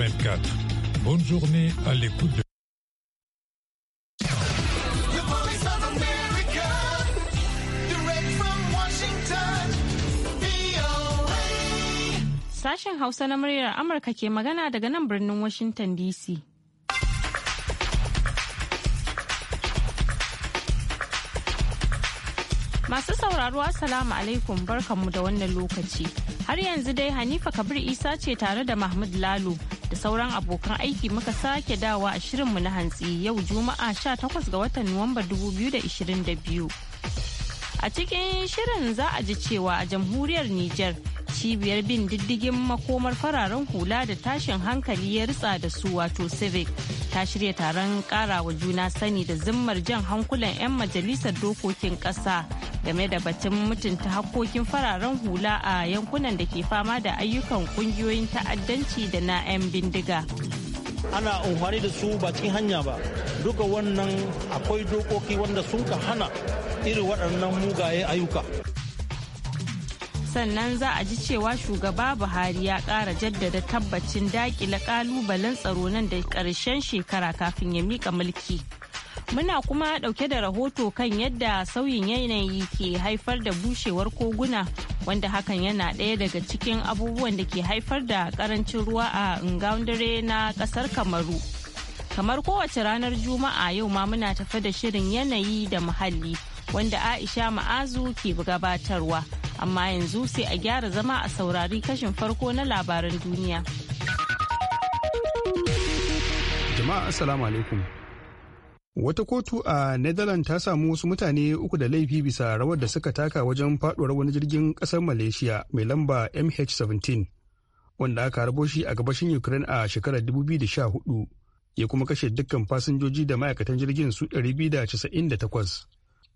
24. Bonne journée à l'écoute de... Sashen Hausa na muryar Amurka ke magana daga nan birnin Washington DC. Masu sauraro Assalamu alaikum barkanmu da wannan lokaci. Har yanzu dai Hanifa Kabir Isa ce tare da Mahmud Lalo da sauran abokan aiki muka sake dawa a shirinmu na hantsi yau Juma'a 18 ga watan Nuwamba 2022. A cikin shirin za a ji cewa a jamhuriyar Nijar cibiyar bin diddigin makomar fararen hula da tashin hankali ya ritsa da su wato civic ta shirya taron karawa juna sani da zimmar jan hankulan 'yan majalisar dokokin kasa, game da batun mutunta hakkokin fararen hula a yankunan da ke fama da ayyukan kungiyoyin ta'addanci da na 'yan bindiga. ana amfani da su ba cikin hanya ba duka wannan akwai dokoki wanda sun ka hana irin waɗannan mugaye ayyuka sannan za a ji cewa shugaba buhari ya ƙara jaddada tabbacin dakile ƙalubalen tsaro nan da ƙarshen shekara kafin ya mika mulki muna kuma ɗauke da rahoto kan yadda sauyin yanayi ke haifar da bushewar koguna wanda hakan yana ɗaya daga cikin abubuwan da ke haifar da ƙarancin ruwa a ngaundare na ƙasar kamaru kamar kowace ranar juma'a yau ma muna tafe da shirin yanayi da muhalli wanda Aisha Ma'azu ke gabatarwa. Amma yanzu sai a gyara zama a saurari kashin farko na labaran duniya. Jama'a Assalamu alaikum. Wata kotu a Netherlands ta samu wasu mutane uku da laifi bisa rawar da suka taka wajen faduwar wani jirgin kasar Malaysia mai lamba MH17 wanda aka rabo shi a gabashin Ukraine a shekarar 2014 ya kuma kashe dukkan fasinjoji da ma'aikatan jirgin su 298.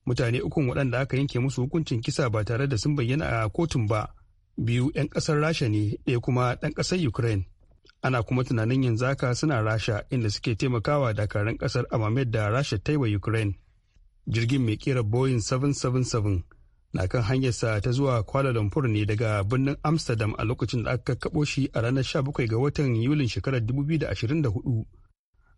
mutane ukun waɗanda aka yanke musu hukuncin kisa ba tare da sun bayyana a kotun ba biyu 'yan ƙasar rasha ne ɗaya kuma ɗan ƙasar ukraine ana kuma tunanin yanzu haka suna rasha inda suke taimakawa dakarun ƙasar amamed da rasha ta wa ukraine jirgin mai kera boeing 777 na kan hanyarsa ta zuwa kwala lumpur ne daga birnin amsterdam a lokacin da aka kaɓo shi a ranar 17 ga watan yulin shekarar 2024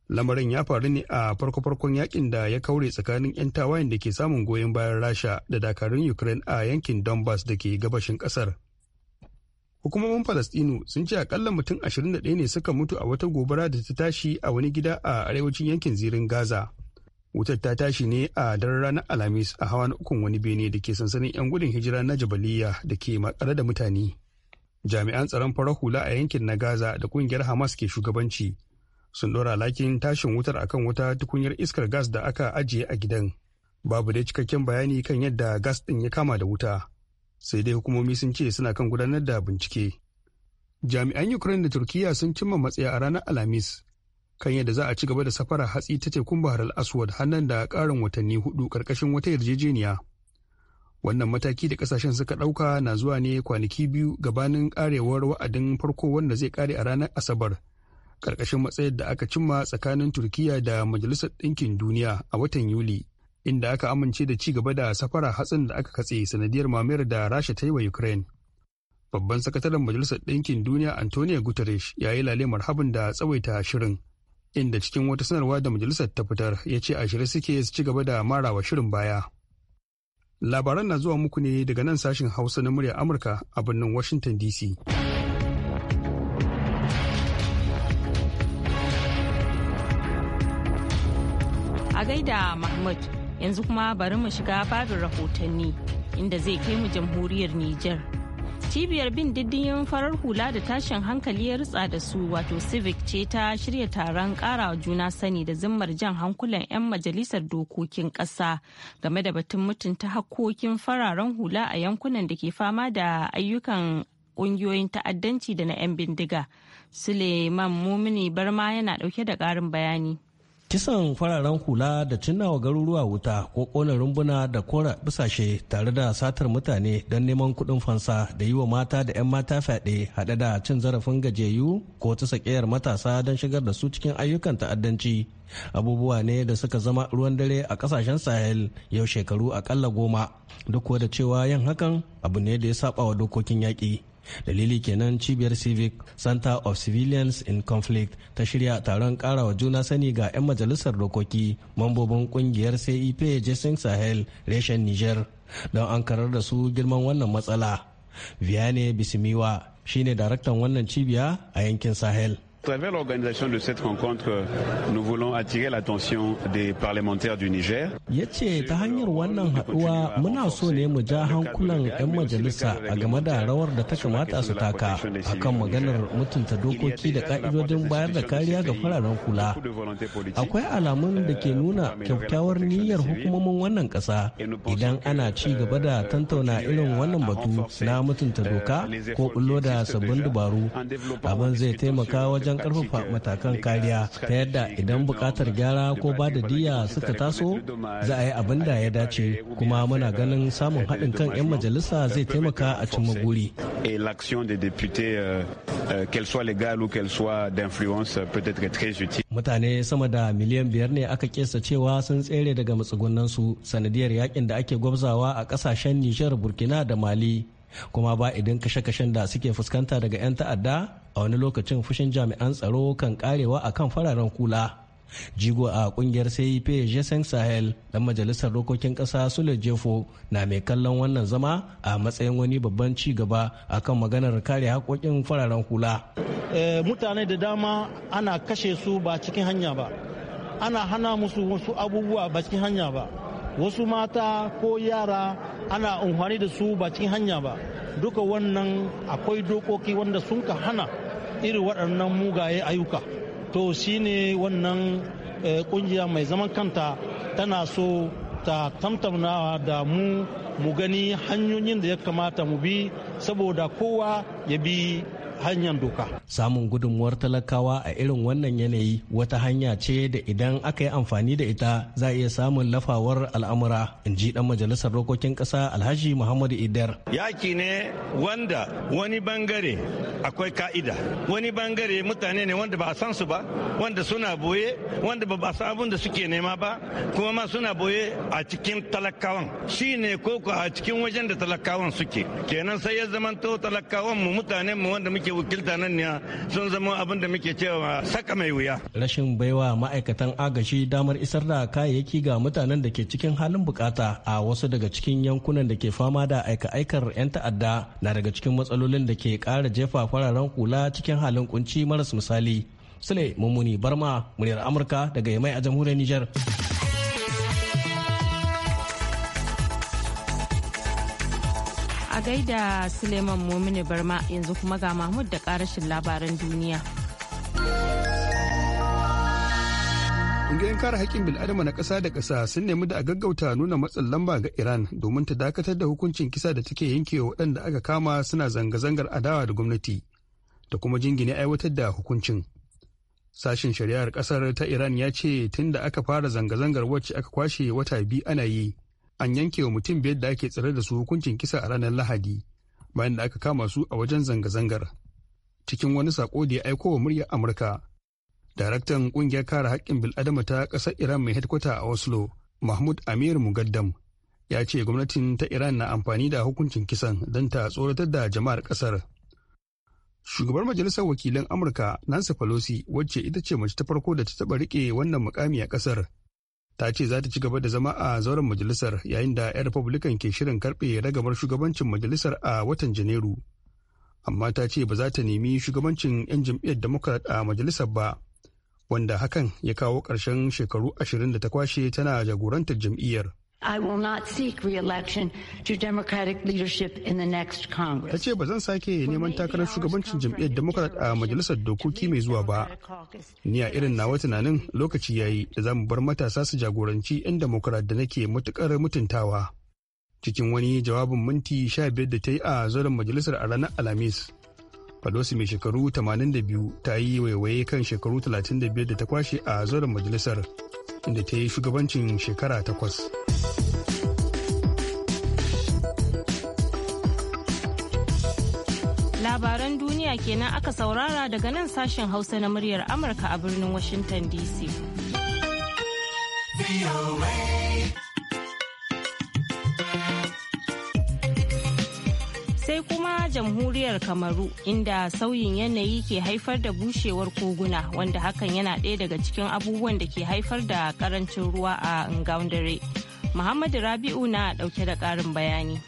lamarin ya faru ne a farko-farkon yakin da ya kaure tsakanin 'yan tawayen da ke samun goyon bayan rasha da dakarun ukraine a yankin donbass da ke gabashin kasar hukumomin palestinu sun ce akalla mutum ashirin da 21 ne suka mutu a wata gobara da ta tashi a wani gida a arewacin yankin zirin gaza wutar ta tashi ne a daren ranar alhamis a hawa na ukun wani bene da ke sansanin 'yan gudun hijira na jabaliya da ke makare da mutane jami'an tsaron farar hula a yankin na gaza da kungiyar hamas ke shugabanci sun ɗora lakin tashin wutar akan wuta, tukunyar iskar gas da aka ajiye a gidan babu dai cikakken bayani kan yadda gas ɗin ya kama da wuta sai dai hukumomi sun ce suna kan gudanar da bincike jami'an ukraine da turkiya sun cimma matsaya a ranar alhamis kan yadda za a ci gaba da safara hatsi ta tekun bahar al-aswad hannun da karin watanni hudu ƙarƙashin wata yarjejeniya wannan mataki da kasashen suka ɗauka na zuwa ne kwanaki biyu gabanin karewar wa'adin farko wanda zai kare a ranar asabar karkashin matsayar da aka cimma tsakanin turkiya da majalisar ɗinkin duniya a watan yuli inda aka amince da ci gaba da safara hatsin da aka katse sanadiyar mamayar da rasha ta yi wa ukraine babban sakataren majalisar ɗinkin duniya antonio guterres ya yi lalemar marhabin da tsawaita shirin inda cikin wata sanarwa da majalisar ta fitar ya ce a shirye suke su ci gaba da marawa shirin baya labaran na zuwa muku ne daga nan sashin hausa na murya amurka a birnin washington dc A gaida Mahmud yanzu kuma bari mu shiga babin rahotanni inda zai kai mu jamhuriyar Niger. Cibiyar bin diddigin farar hula da tashin hankali ya rutsa da su wato civic ce ta shirya taron karawa juna sani da zimmar jan hankulan 'yan majalisar dokokin ƙasa game da batun mutunta hakkokin fararen hula a yankunan da ke fama da ayyukan ƙungiyoyin ta'addanci da na 'yan bindiga. Suleiman Mumini Barma yana dauke da ƙarin bayani. kisan fararen hula da cinnawa garuruwa wuta ko kona rumbuna da kora bisashe tare da satar mutane don neman kuɗin fansa da yi wa mata da 'yan mata fyaɗe haɗe da cin zarafin gajeyu ko ta sakiyar matasa don shigar da su cikin ayyukan ta'addanci abubuwa ne da suka zama ruwan dare a kasashen sahel yau shekaru akalla goma duk da cewa yin hakan abu ne da ya saba wa dokokin yaƙi dalili kenan cibiyar civic center of civilians in conflict ta shirya taron karawa juna sani ga 'yan majalisar dokoki mambobin kungiyar cep jason sahel reshen niger don an karar da su girman wannan matsala viane bisimiwa shine daraktan wannan cibiya a yankin sahel travers l'organisation de cette rencontre, euh, nous voulons attirer l'attention des parlementaires du Niger. Ya ce ta hanyar wannan haɗuwa muna so ne mu ja hankulan 'yan majalisa a game da rawar da ta kamata su taka akan maganar mutunta dokoki da ka'idodin bayar da kariya ga fararen kula. Akwai alamun da ke nuna kyaukyawar niyyar hukumomin wannan ƙasa idan ana ci gaba da tantauna irin wannan batu na mutunta doka ko da sabbin dabaru. Abin zai taimaka wajen wajen karfafa matakan kariya ta yadda idan buƙatar gyara ko ba da diya suka taso za a yi abin da ya dace kuma muna ganin samun haɗin kan 'yan majalisa zai taimaka a cin maguri. Euh, euh, Mutane sama da miliyan biyar ne aka kesa cewa sun tsere daga su sanadiyar yakin da ake gwabzawa a kasashen Nijar, Burkina da Mali. Kuma ba idan kashe-kashen da suke fuskanta daga 'yan ta'adda a wani lokacin fushin jami'an tsaro kan karewa a kan fararen kula jigo a kungiyar cip jason sahel dan majalisar dokokin kasa sule jefo na mai kallon wannan zama a matsayin wani babban ci gaba akan maganar kare haƙoƙin fararen hula eh, mutane da dama ana kashe su ba cikin hanya ba ana hana musu wasu abubuwa ba cikin hanya ba wasu mata ko yara ana amfani da su ba cikin hanya ba duka wannan akwai dokoki wanda sun ka hana irin waɗannan mugaye ayyuka to shine wannan kungiya eh, mai zaman kanta tana so ta tamtamnawa da mu mu gani hanyoyin da ya kamata mu bi saboda kowa ya bi hanyar doka. Samun gudunmuwar talakawa a irin wannan yanayi wata hanya ce da idan aka yi amfani da ita za a iya samun lafawar al'amura in ji dan majalisar dokokin ƙasa Alhaji Muhammadu Idar. Yaki ne wanda wani bangare akwai ka'ida wani bangare mutane ne wanda ba a san su ba wanda suna boye wanda ba a san abin da suke nema ba kuma ma suna boye a cikin talakawan shi ne koko a cikin wajen da talakawan suke kenan sai ya zamanto talakawan mu mutanen mu wanda muke nake wakilta nan ne sun zama abin da muke cewa saka mai wuya. Rashin baiwa ma'aikatan agashi damar isar da kayayyaki ga mutanen da ke cikin halin bukata a wasu daga cikin yankunan da ke fama da aika-aikar 'yan ta'adda na daga cikin matsalolin da ke kara jefa fararen kula cikin halin kunci maras misali. Sule Mummuni Barma, muryar Amurka daga Yamai a jamhuriyar Nijar. da Suleiman Momini Barma yanzu kuma ga Mahmud da karashin labaran duniya. ƙungiyar kare haƙƙin bil'adama na ƙasa da ƙasa sun nemi da a gaggauta nuna matsin lamba ga Iran domin ta dakatar da hukuncin kisa da take yankewa waɗanda aka kama suna zanga-zangar adawa da gwamnati da kuma jingine aiwatar da hukuncin. Sashen shari'ar ƙasar ta Iran ya ce tun da aka fara zanga-zangar wacce aka kwashe wata biyu ana yi an yanke wa mutum biyar da ake tsare da su hukuncin kisa a ranar lahadi bayan da aka kama su a wajen zanga-zangar cikin wani sako da ya aiko wa muryar amurka daraktan kungiyar kare haƙƙin bil'adama ta ƙasar iran mai hedkwata a oslo mahmud amir mugaddam ya ce gwamnatin ta iran na amfani da hukuncin kisan don ta tsoratar da jama'ar ƙasar shugabar majalisar wakilan amurka nancy pelosi wacce ita ce mace ta farko da ta taɓa riƙe wannan mukami a ƙasar ta ce za ta ci gaba da zama a zauren majalisar yayin da 'yan republican ke shirin karɓe ragamar shugabancin majalisar a watan janairu amma ta ce ba za ta nemi shugabancin 'yan jam'iyyar democrat a majalisar ba wanda hakan ya kawo ƙarshen shekaru ashirin da ta kwashe tana jagorantar jam'iyyar. I will not seek re-election to Democratic leadership in the next Congress. Ta ce ba zan sake neman takarar shugabancin jam'iyyar Democrat a majalisar dokoki mai zuwa ba. Ni a irin nawa tunanin lokaci yayi da zamu bar matasa su jagoranci 'yan Democrat da nake matukar mutuntawa. Cikin wani jawabin minti 15 da ta yi a zauren majalisar a ranar Alhamis. Pelosi mai shekaru 82 ta yi waiwaye kan shekaru 35 da ta kwashe a zauren majalisar. da ta yi shugabancin shekara takwas. Labaran duniya kenan aka saurara daga nan sashen Hausa na muryar Amurka a birnin Washington DC. sai kuma jamhuriyar kamaru inda sauyin yanayi ke haifar da bushewar koguna wanda hakan yana ɗaya daga cikin abubuwan da ke haifar da karancin ruwa a ngaundare muhammadu rabi'u na ɗauke da ƙarin bayani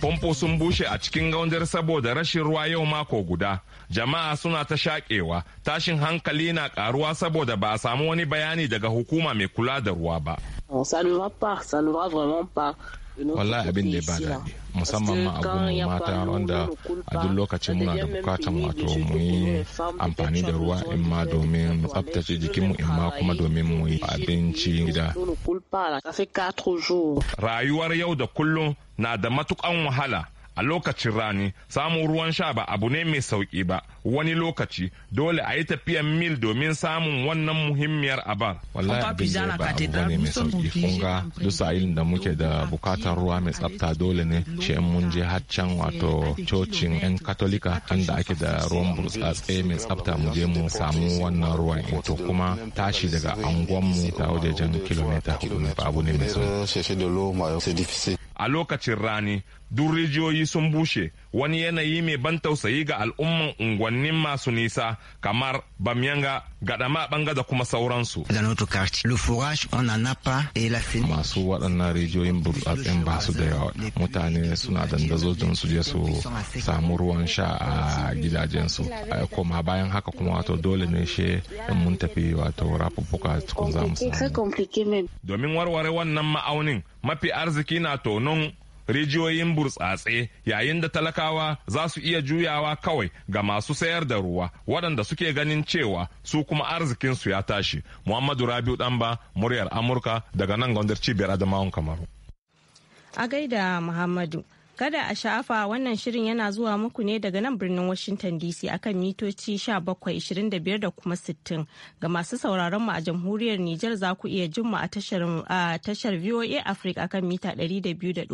pompo sun bushe a cikin gaundar saboda rashin ruwa yau mako guda jama'a suna ta shaƙewa tashin hankali na ƙaruwa saboda ba a samu wani bayani daga hukuma mai kula da ruwa ba walla abin da ba daɗi musamman ma gudun mata wanda a duk lokacin muna da bukatan wato mu yi amfani da ruwa in ma domin tsabtace jikinmu in ma kuma domin mu yi abinci gida rayuwar yau da kullum na da matukan wahala a lokacin rani samun ruwan sha ba abu ne mai sauki ba wani lokaci dole a yi tafiyan mil domin samun wannan muhimmiyar abar wallahi ba abu ne mai sauƙi. kunga duk sa'ilin da muke da bukatar ruwa mai tsafta dole ne shi in mun je har can wato cocin yan katolika an da ake da ruwan burtsatse mai tsafta mu je mu samu wannan ruwan eh, to kuma tashi daga mu. ta wajejen kilomita hudu ne ba abu ne mai sauki a lokacin rani duk rijiyoyi sun bushe wani yanayi mai ban tausayi ga al'umman unguwannin masu nisa kamar bamyanga gadama banga da kuma sauransu. Masu waɗannan rijiyoyin burtsatsen ba su da yawa mutane suna dandazojin su je su samu ruwan sha a gidajensu. Koma bayan haka kuma wato dole ne she mun tafi wato rafuffuka cikin zamu Domin warware wannan ma'aunin mafi arziki na tonon rijiyoyin burtsatse yayin da talakawa za su iya juyawa kawai ga masu sayar da ruwa waɗanda suke ganin cewa su kuma arzikinsu ya tashi muhammadu rabiu ɗanba muryar amurka daga nan gwandar cibiyar adamawan kamaru a gaida muhammadu Kada a shafa wannan shirin yana zuwa muku ne daga nan birnin Washington DC akan mitoci 1725 da kuma 60 ga masu sauraron mu a jamhuriyar niger za ku iya jin mu a tashar VOA Africa akan mita 200.5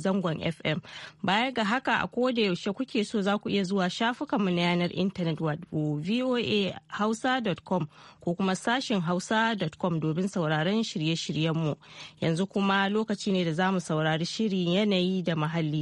zangon FM. Baya ga haka a koda yaushe kuke so za ku iya zuwa shafukan mu na yanar intanet wato voahausa.com ko kuma sashin hausa.com domin sauraron shirye-shiryenmu. Yanzu kuma lokaci ne da za mu saurari shirin yanayi da muhalli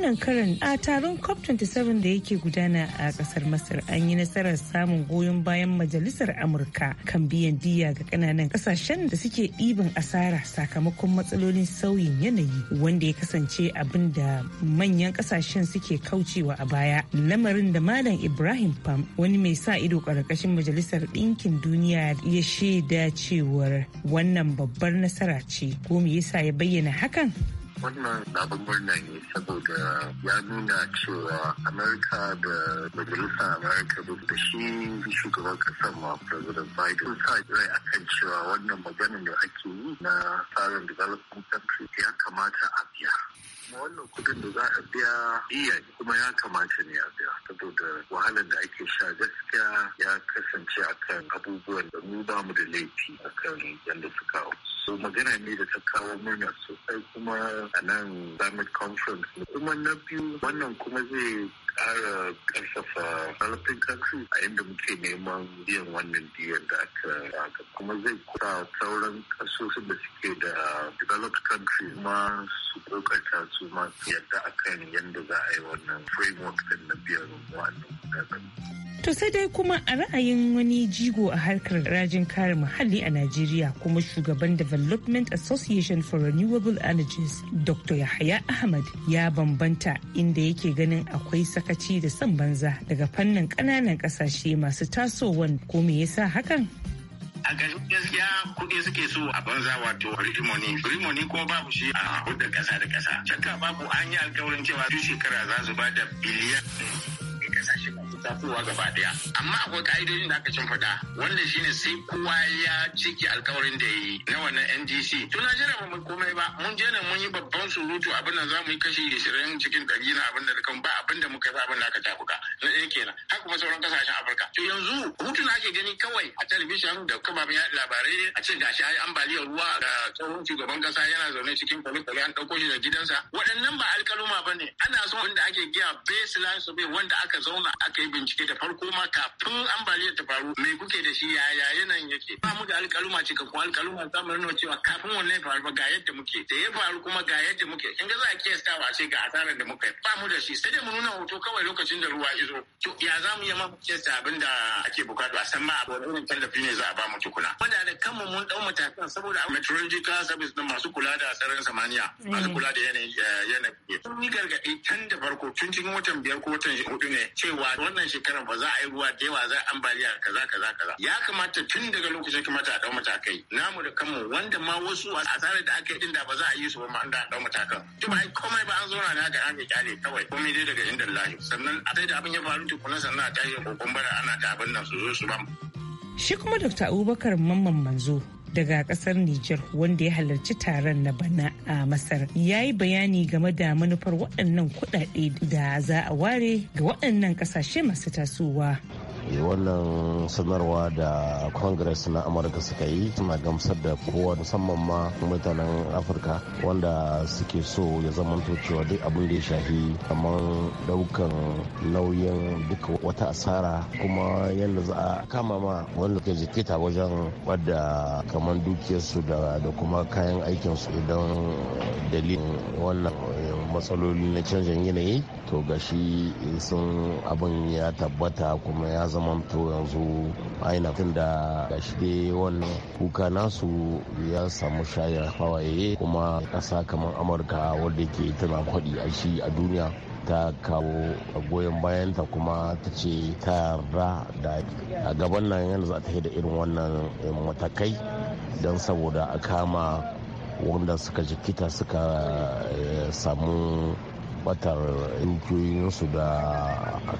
wannan karan a taron COP27 da yake gudana a kasar Masar an yi nasarar samun goyon bayan majalisar Amurka kan biyan diya ga kananan kasashen da suke ɗiban asara sakamakon matsalolin sauyin yanayi wanda ya kasance abin da manyan kasashen suke kaucewa a baya. Lamarin da Malam Ibrahim Pam wani mai sa ido ƙarƙashin majalisar ɗinkin duniya ya shaida cewar wannan babbar nasara ce. Ko me yasa ya bayyana hakan? wannan na murna ne saboda ya nuna cewa amurka da majalisa amurka da shi shugaban kasar ma president biden sa rai akan cewa wannan maganin da ake yi na tsarin development country ya kamata a biya wannan kudin da za a biya iya kuma ya kamata ne a biya saboda wahalar da ake sha gaskiya ya kasance akan abubuwan da mu ba mu da laifi akan yadda suka auku so magana ne da ta kawo murna sosai kuma a nan summit conference kuma na biyu wannan kuma zai ƙara karfafa developing kansu a inda muke neman biyan wannan biyan da aka kuma zai kusa sauran ƙasashen da suke da developed country ma su kokarta su ma yadda akan yadda za a yi wannan framework din na biyan wannan To sai dai kuma a ra'ayin wani jigo a harkar rajin kare muhalli a Najeriya kuma shugaban Development Association for Renewable Energies Dr. Yahaya Ahmad ya bambanta inda yake ganin akwai saka sakaci da son banza daga fannin ƙananan kasashe masu tasowan ko me yasa hakan? a ƙarshen gaskiya kuɗi suke so a banza wato rimoni rimoni ko babu shi a hudar ƙasa da ƙasa shakka babu an yi alkawarin cewa duk shekara za su ba da biliyan ƙasashe tasowa gaba daya amma akwai ka'idojin da aka shimfiɗa wanda shine sai kowa ya ciki alkawarin da yi na wannan ndc to najeriya ba mu komai ba mun je nan mun yi babban surutu abin da za mu yi kashi ishirin cikin ɗari na abin da kan ba abin da muka sa abin da aka takuka na ɗaya kenan har kuma sauran kasashen afirka to yanzu hutu na ake gani kawai a talabijin da kafafen yaɗa labarai a ce gashi ai ambaliyar ruwa da tsohon shugaban kasa yana zaune cikin kwale-kwale an ɗauko shi da gidansa waɗannan ba alkaluma ba ne ana so wanda ake giya baseline su bai wanda aka zauna aka yi bincike da farko ma kafin ambaliyar ta faru me kuke da shi yaya yanayin yake ba mu da alƙaluma cikakkun alƙaluma za mu nuna cewa kafin wannan ya faru ga yadda muke da ya faru kuma ga yadda muke in ga za a kiyasta ba sai ga asarar da muka ba mu da shi sai dai mu nuna hoto kawai lokacin da ruwa iso to ya za mu yi ma kiyasta abin da ake bukatu a san ma a wani irin tallafi ne za a ba mu tukuna wanda da kanmu mun dau matakan saboda meteorological service na masu kula da sararin samaniya masu kula da yanayi eh, yanayi sun yi gargaɗi tun da farko tun cikin watan biyar ko watan hudu ne cewa wannan wannan shekarar ba za a yi ruwa da yawa za a ambaliya kaza kaza kaza ya kamata tun daga lokacin kamata a dau matakai namu da kanmu wanda ma wasu a asarar da aka yi din da ba za a yi su ba ma an da dau matakan to ba komai ba an zo na ga an kyale kawai komai dai daga inda lahi sannan a sai da abin ya faru tukuna sannan a tashi kokon bara ana ta abin nan su zo su ba shi kuma Dr. Abubakar Mamman Manzo daga kasar Nijar wanda ya halarci taron na bana a Masar ya yi bayani game da manufar waɗannan kuɗaɗe da za a ware ga waɗannan ƙasashe masu tasowa. wannan sanarwa da congress na amurka suka yi suna gamsar da kowa musamman ma mutanen afirka wanda suke so ya zamanto cewa duk abin da ya shafi. kamar daukan nauyin duk wata asara kuma yadda za a kama ma wanda ke jikita wajen wadda kamar dukiyarsu da kuma kayan aikinsu idan dalilin wannan matsaloli na canjin yanayi to gashi sun abin ya tabbata kuma ya zama zamanto yanzu aina tun da gashi dai wannan kuka nasu ya samu shayar hawaye kuma kasa kamar amurka wadda ke tana kwaɗi a shi a duniya ta kawo goyon bayanta kuma ta ce ta yarda da a gaban nan yanzu za ta da irin wannan matakai don saboda a kama wanda suka jikita suka eh, samu batar inkiyoyinsu da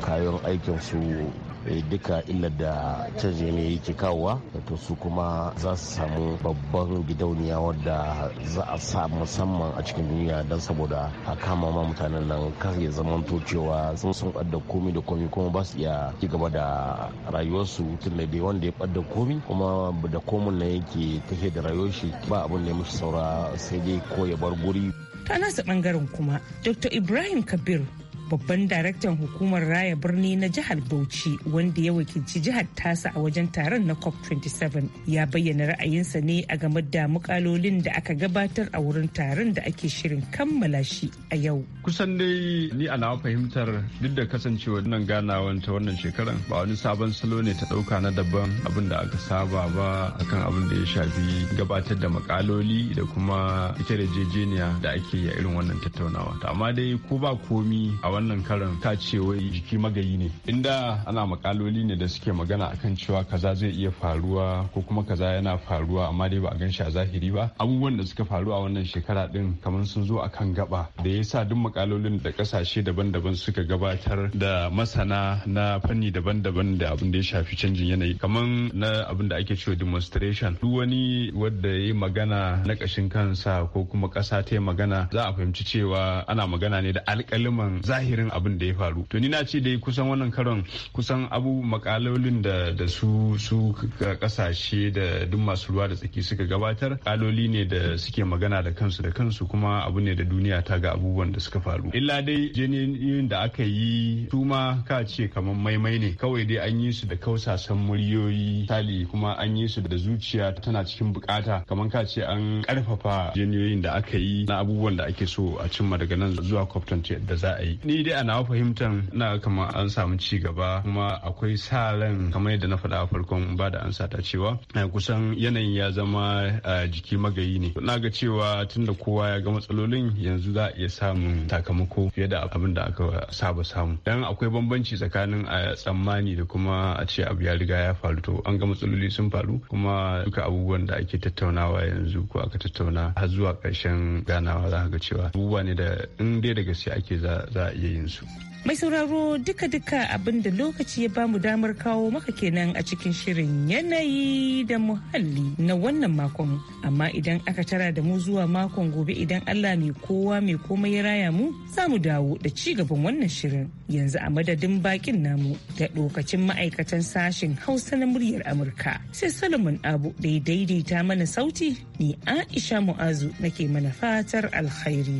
kayan aikinsu Eh, duka illar da canji yanayi yake kawowa to su kuma za su samu babban gidauniya wadda za a sa musamman a cikin duniya don saboda a kama ma mutanen nan kan ya zama cewa sun sun ɓadda komi da komi kuma ba su iya ci gaba da rayuwarsu tun da dai wanda ya ɓadda komi kuma da komin na yake tafiya da rayuwar shi ba abin da ya mushi saura sai dai ko ya bar guri. ta nasa bangaren kuma dr ibrahim kabir babban daraktan hukumar raya birni na jihar bauchi wanda ya wakilci jihar tasa a wajen taron na cop 27 ya bayyana ra'ayinsa ne a game da mukalolin da aka gabatar a wurin taron da ake shirin kammala shi a yau kusan dai ni a nawa fahimtar duk da kasancewa nan ganawan ta wannan shekaran ba wani sabon salo ne ta dauka na daban abin da aka saba ba akan abin da ya shafi gabatar da makaloli da kuma ita da jejeniya da ake yi a irin wannan tattaunawa amma dai ko ba komi a wannan karan ka ce wai jiki magayi ne inda ana makaloli ne da suke magana akan cewa kaza zai iya faruwa ko kuma kaza yana faruwa amma dai ba a gan shi a zahiri ba abubuwan da suka faru a wannan shekara din kamar sun zo akan gaba da ya sa duk makalolin da kasashe daban-daban suka gabatar da masana na fanni daban-daban da abin da ya shafi canjin yanayi kamar na abin da ake cewa demonstration duk wani wanda ya yi magana na kashin kansa ko kuma kasa ta yi magana za a fahimci cewa ana magana ne da alkaliman zahiri zahirin abin da ya faru to ni na ce dai kusan wannan karon kusan abu makalolin da da su su kasashe da duk masu ruwa da tsaki suka gabatar kaloli ne da suke magana da kansu da kansu kuma abu ne da duniya ta ga abubuwan da suka faru illa dai jeniyoyin da aka yi tuma ka ce kamar maimai ne kawai dai an yi su da kausasan muryoyi tali kuma an yi su da zuciya tana cikin bukata kamar ka ce an karfafa jeniyoyin da aka yi na abubuwan da ake so a cimma daga nan zuwa kwaftan da za a yi ni dai a nawa na kama an samu ci gaba kuma akwai sa ran kamar yadda na faɗa a farkon ba da ansa ta cewa eh, kusan yanayin ya zama eh, jiki magayi ne na ga cewa tunda kowa ya ga matsalolin yanzu za a iya samun sakamako fiye da abin da aka saba samu dan akwai bambanci tsakanin a tsammani da kuma a ce abu ya riga ya faru to an ga matsaloli sun faru kuma duka abubuwan da ake tattaunawa yanzu ko aka tattauna har zuwa karshen ganawa za ga cewa abubuwa ne da in dai da gaske ake za a iya yinsu. Mai sauraro duka-duka abinda lokaci ya bamu damar kawo maka kenan a cikin shirin yanayi da muhalli na wannan makon. Amma idan aka tara da mu zuwa makon gobe idan Allah mai kowa mai komai ya raya mu za mu dawo da ci gaban wannan shirin. Yanzu a madadin bakin namu da lokacin ma'aikatan sashen Hausa na muryar Amurka. Sai Solomon Abu da daidaita mana sauti ni Aisha Mu'azu nake mana fatar alkhairi.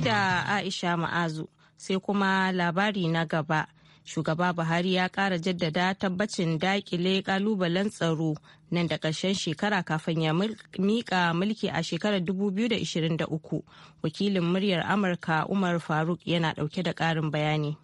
da Aisha Ma'azu sai kuma labari na gaba. Shugaba Buhari ya kara jaddada tabbacin dakile kalubalen tsaro nan da ƙarshen shekara kafin ya miƙa mulki a shekarar 2023. Wakilin muryar Amurka Umar Faruk yana ɗauke da ƙarin bayani.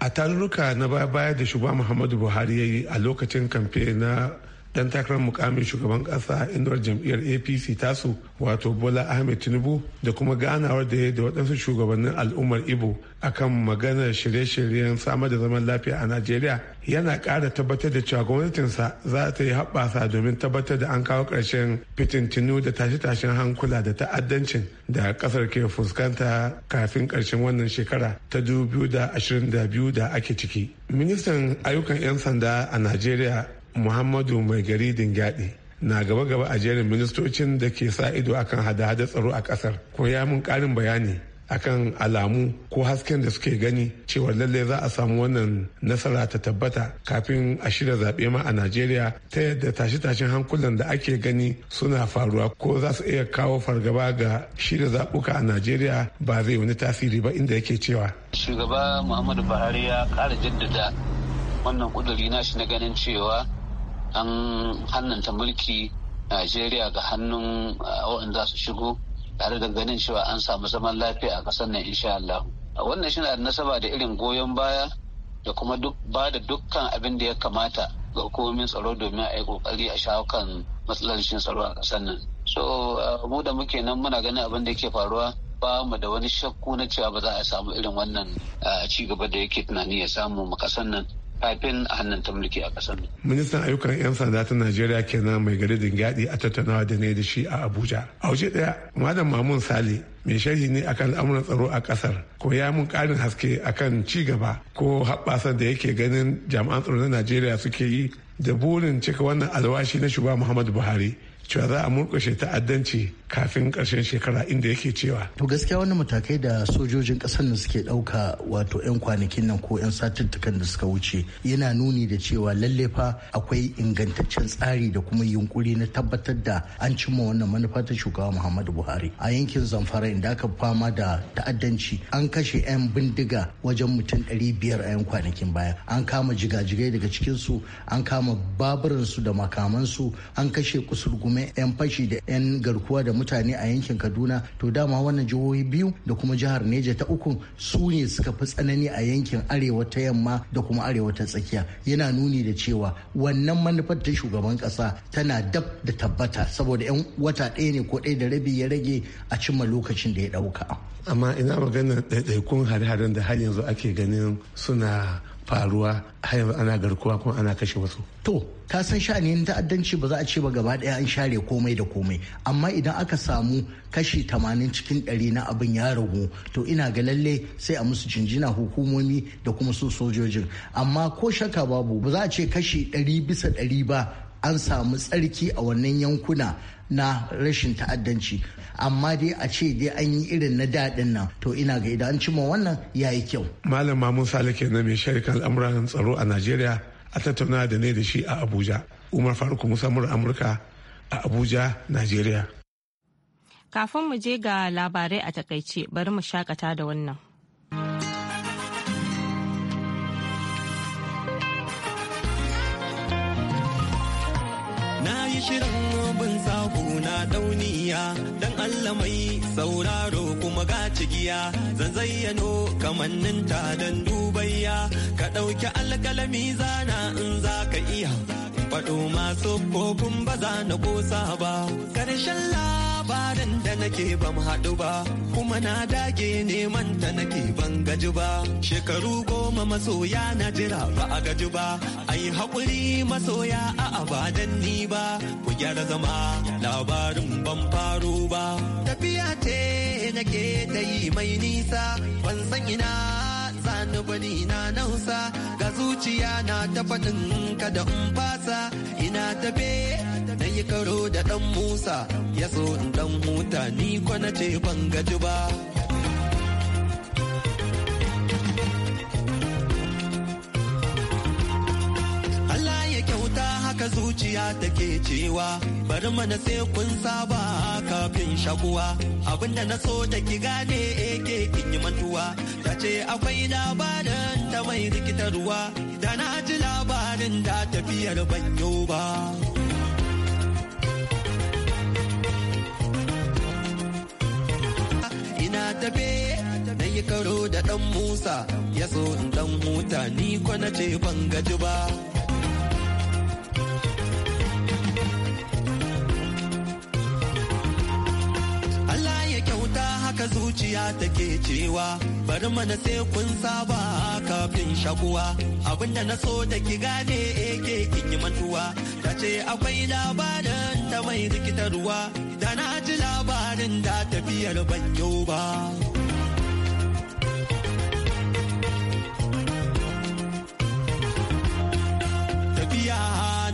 A tarurruka na baya-baya da shugaba Muhammadu Buhari ya yi a lokacin kamfe na dan takarar mukamin shugaban kasa inuwar jam'iyyar apc tasu wato bola ahmed tinubu da kuma ganawar da ya da waɗansu shugabannin al'ummar ibo akan maganar shirye-shiryen samar da zaman lafiya a najeriya yana ƙara tabbatar da cewa gwamnatinsa za ta yi haɓasa domin tabbatar da an kawo ƙarshen fitintinu da tashe-tashen hankula da ta'addancin da ƙasar ke fuskanta kafin ƙarshen wannan shekara ta 2022 da ake ciki ministan ayyukan 'yan sanda a najeriya muhammadu mai gari dingaɗi na gaba-gaba a jerin ministocin da ke sa ido akan hada-hada tsaro a kasar ko ya mun ƙarin bayani akan alamu ko hasken da suke gani cewa lallai za a samu wannan nasara ta tabbata kafin a shirya zaɓe ma a najeriya ta yadda tashe-tashen hankulan da ake gani suna faruwa ko za su iya kawo fargaba ga shirya zaɓuka a najeriya ba zai wani tasiri ba inda yake cewa shugaba muhammadu buhari ya ƙara jaddada wannan ƙuduri nashi na ganin cewa an hannanta mulki najeriya ga hannun uh, waɗanda su shigo tare da ganin cewa an samu zaman lafiya a ƙasar nan insha Allah. Wannan shi na da nasaba da irin goyon baya da kuma ba da dukkan abin da ya kamata ga hukumomin tsaro domin a yi kokari a shawo kan matsalar tsaro a ƙasar nan. So uh, mu da muke nan muna ganin abin da yake faruwa ba mu da wani shakku na cewa ba za a samu irin wannan uh, ci gaba da yake tunani ya samu mu ƙasar nan kafin a hannun ta mulki a ƙasar ministan ayyukan 'yan sanda ta najeriya kenan mai gari dingaɗi a tattaunawa da ne da shi a abuja a waje ɗaya malam mamun sale mai sharhi ne akan al'amuran tsaro a ƙasar ko ya mun ƙarin haske akan ci gaba ko haɓasar da yake ganin jami'an tsaro na najeriya suke yi da burin cika wannan alwashi na shugaba muhammadu buhari cewa za a murkushe ta'addanci kafin karshen shekara inda yake cewa. To gaskiya wani matakai da sojojin ƙasar nan suke ɗauka wato 'yan kwanakin nan ko 'yan satuttukan da suka wuce yana nuni da cewa lalle fa akwai ingantaccen tsari da kuma yunkuri na tabbatar da an cimma wannan manufa ta shugaba Muhammadu Buhari. A yankin Zamfara inda aka fama da ta'addanci an kashe 'yan bindiga wajen mutum 500 a 'yan kwanakin baya. An kama jigajigai daga cikinsu an kama baburansu da makamansu an kashe kusurgume makamai 'yan fashi da 'yan garkuwa da mutane a yankin kaduna to dama wannan jihohi biyu da kuma jihar neja ta uku su ne suka fi tsanani a yankin arewa ta yamma da kuma arewa ta tsakiya yana nuni da cewa wannan manufar ta shugaban kasa tana dab da tabbata saboda 'yan wata ɗaya ne ko ɗaya da rabi ya rage a cimma lokacin da ya ɗauka amma ina maganar ɗaiɗaikun hare-haren da har yanzu ake ganin suna faruwa har ana garkuwa kuma ana kashe wasu to ka san sha'anin ta'addanci ba za a ce ba gaba ɗaya an share komai da komai amma idan aka samu kashi 80 cikin 100 na abin ya ragu to ina ga lalle sai a musu jinjina hukumomi da kuma su sojojin amma ko shaka babu ba za a ce kashi 100 bisa 100 ba an samu tsarki a wannan yankuna na rashin ta'addanci amma dai a ce dai an yi irin na daɗin nan to ina ga idan an cimma wannan ya yi kyau. malam mamun sale kenan mai sharikan al'amuran tsaro a najeriya a tattauna da ne da shi a abuja umar faruk musamman amurka a abuja najeriya kafin mu je ga labarai a takaice bari mu shakata da wannan shirin bin sabu na dauniya dan Allah mai sauraro kuma ga cigiya zan zayyano kamannin ta dan dubayya ka ɗauki alkalami zana in za ka iya faɗo masu kofin ba za na ƙosa ba ƙarshen labarin da nake ban haɗu ba kuma na dage neman ta nake ban gaji ba shekaru goma masoya na jira ba a gaji ba ai haƙuri masoya a abadan ni ba ku gyara zama labarin ban faro ba tafiya ce nake ta yi mai nisa ban san ina wani bani ina nausa ga zuciya na ta faɗin kada in fasa ina tafe na yi karo da ɗan musa ya so in ɗan huta ni ko na ce ban gaji ba. ta haka zuciya take cewa bari mana sai kun saba kafin shakuwa abinda na so da ki gane eke kin yi mantuwa ta ce akwai labarin ta mai rikitarwa da na ji labarin da tafiyar ban ba ina tafe na yi karo da dan musa ya so in dan huta ni ko na ce ban gaji ba zuciya take cewa bari mana sai kun saba kafin shakuwa da na so da ki gane ake eh, kin yi mantuwa ta ce akwai labarin ta mai rikitarwa da na ji labarin da tafiyar ban yau ba. tafiya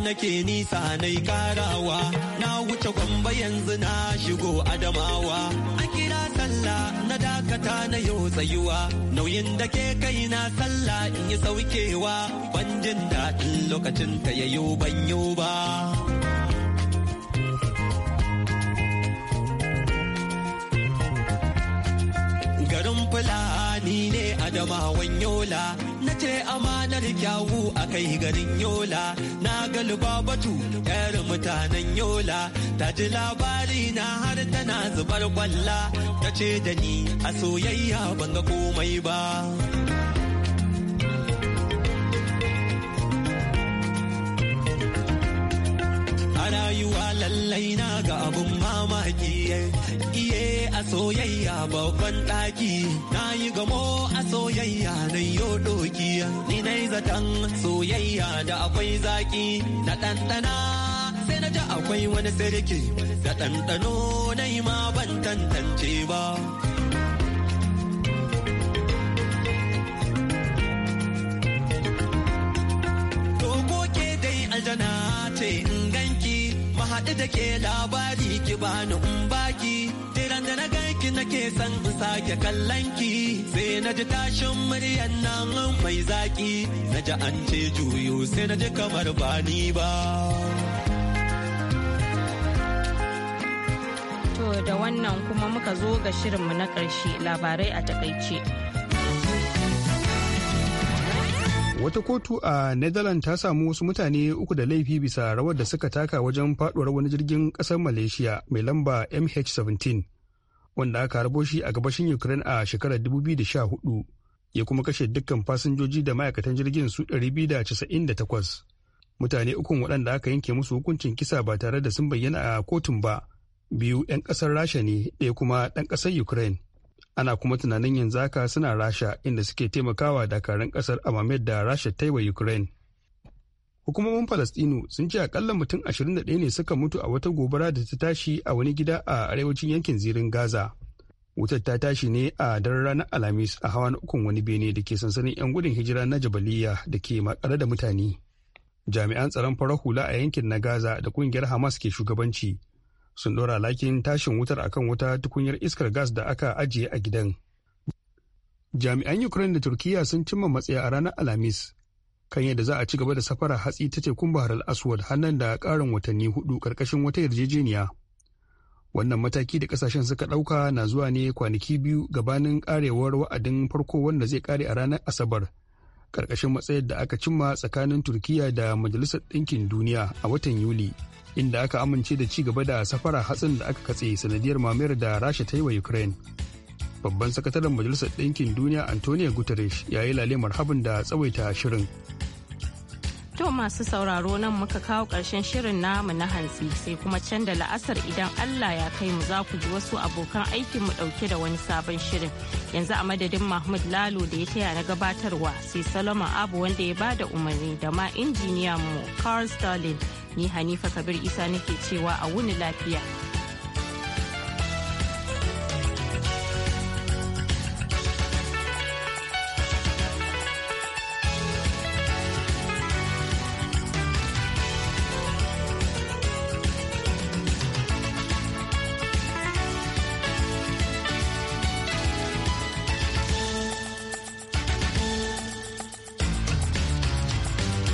nake nisa na karawa na wuce gwamba yanzu na shigo adamawa Allah na dakata na yau tsayuwa nauyin da ke kai na sallah in yi saukewa ban jin daɗin lokacin ta yayo ban yau ba. jamawan yola na ce amanar kyawu a kai garin yola na galiba batu yar mutanen yola ta ji labari na har tana zubar kwalla ta ce da ni a soyayya ban ga komai ba A rayuwa lallai na ga abun daki iye a soyayya babban ɗaki na yi gamo a soyayya na yo doki ni na zaton soyayya da akwai zaki na ɗanɗana sai na ji akwai wani sarki da ɗanɗano na yi ma ban tantance ba. dai aljana ce in ganki mahaɗu da ke labari. ki bani in baki tiran da na ganki nake san in sake kallon ki sai na ji tashin muryar nan mai zaki na ji an ce juyo sai na ji kamar ba ni ba to da wannan kuma muka zo ga shirinmu na ƙarshe labarai a takaice wata kotu a netherlands ta samu wasu mutane uku da laifi bisa rawar da suka taka wajen faduwar wani jirgin kasar malaysia mai lamba mh17 wanda aka harbo shi a gabashin ukraine a shekarar 2014 ya kuma kashe dukkan fasinjoji da ma'aikatan jirgin su 298 mutane ukun waɗanda aka yanke musu hukuncin kisa ba tare da sun bayyana a kotun ba biyu 'yan ƙasar rasha ne ɗaya kuma ɗan ƙasar ukraine ana kuma tunanin yanzu haka suna rasha inda suke taimakawa dakarun kasar amamed da rasha ta wa ukraine hukumomin falastinu sun ce akalla mutum ashirin 21 ne suka mutu a wata gobara da ta tashi a wani gida a arewacin yankin zirin gaza wutar ta tashi ne a daren ranar alhamis a hawa na ukun wani bene da ke sansanin 'yan gudun hijira na jabaliya da ke makare da mutane jami'an tsaron farar hula a yankin na gaza da kungiyar hamas ke shugabanci sun dora lakin tashin wutar akan wuta tukunyar iskar gas da aka ajiye a gidan. Jami'an Ukraine da Turkiyya sun cimma matsaya a ranar Alhamis kan yadda za a ci gaba da safara hatsi ta tekun Bahar al-Aswad hannun da karin watanni hudu karkashin wata yarjejeniya. Wannan mataki da kasashen suka dauka na zuwa ne kwanaki biyu gabanin karewar wa'adin farko wanda zai kare a ranar Asabar. karkashin matsayar da aka cimma tsakanin Turkiyya da Majalisar Ɗinkin Duniya a watan Yuli. inda aka amince da ci gaba da safara hatsin da aka katse sanadiyar mamayar da rasha ta yi wa ukraine babban sakataren majalisar ɗinkin duniya antonio guterres ya yi lalemar habin da tsawaita shirin To masu sauraro nan muka kawo ƙarshen shirin namu na hantsi sai kuma can da la'asar idan Allah ya kai mu za ku ji wasu abokan aikin mu ɗauke da wani sabon shirin. Yanzu a madadin Mahmud Lalo da ya taya na gabatarwa sai salama Abu wanda ya bada umarni da ma injiniyan mu Carl Stalin. ni hanifa kabir isa nake cewa a wuni lafiya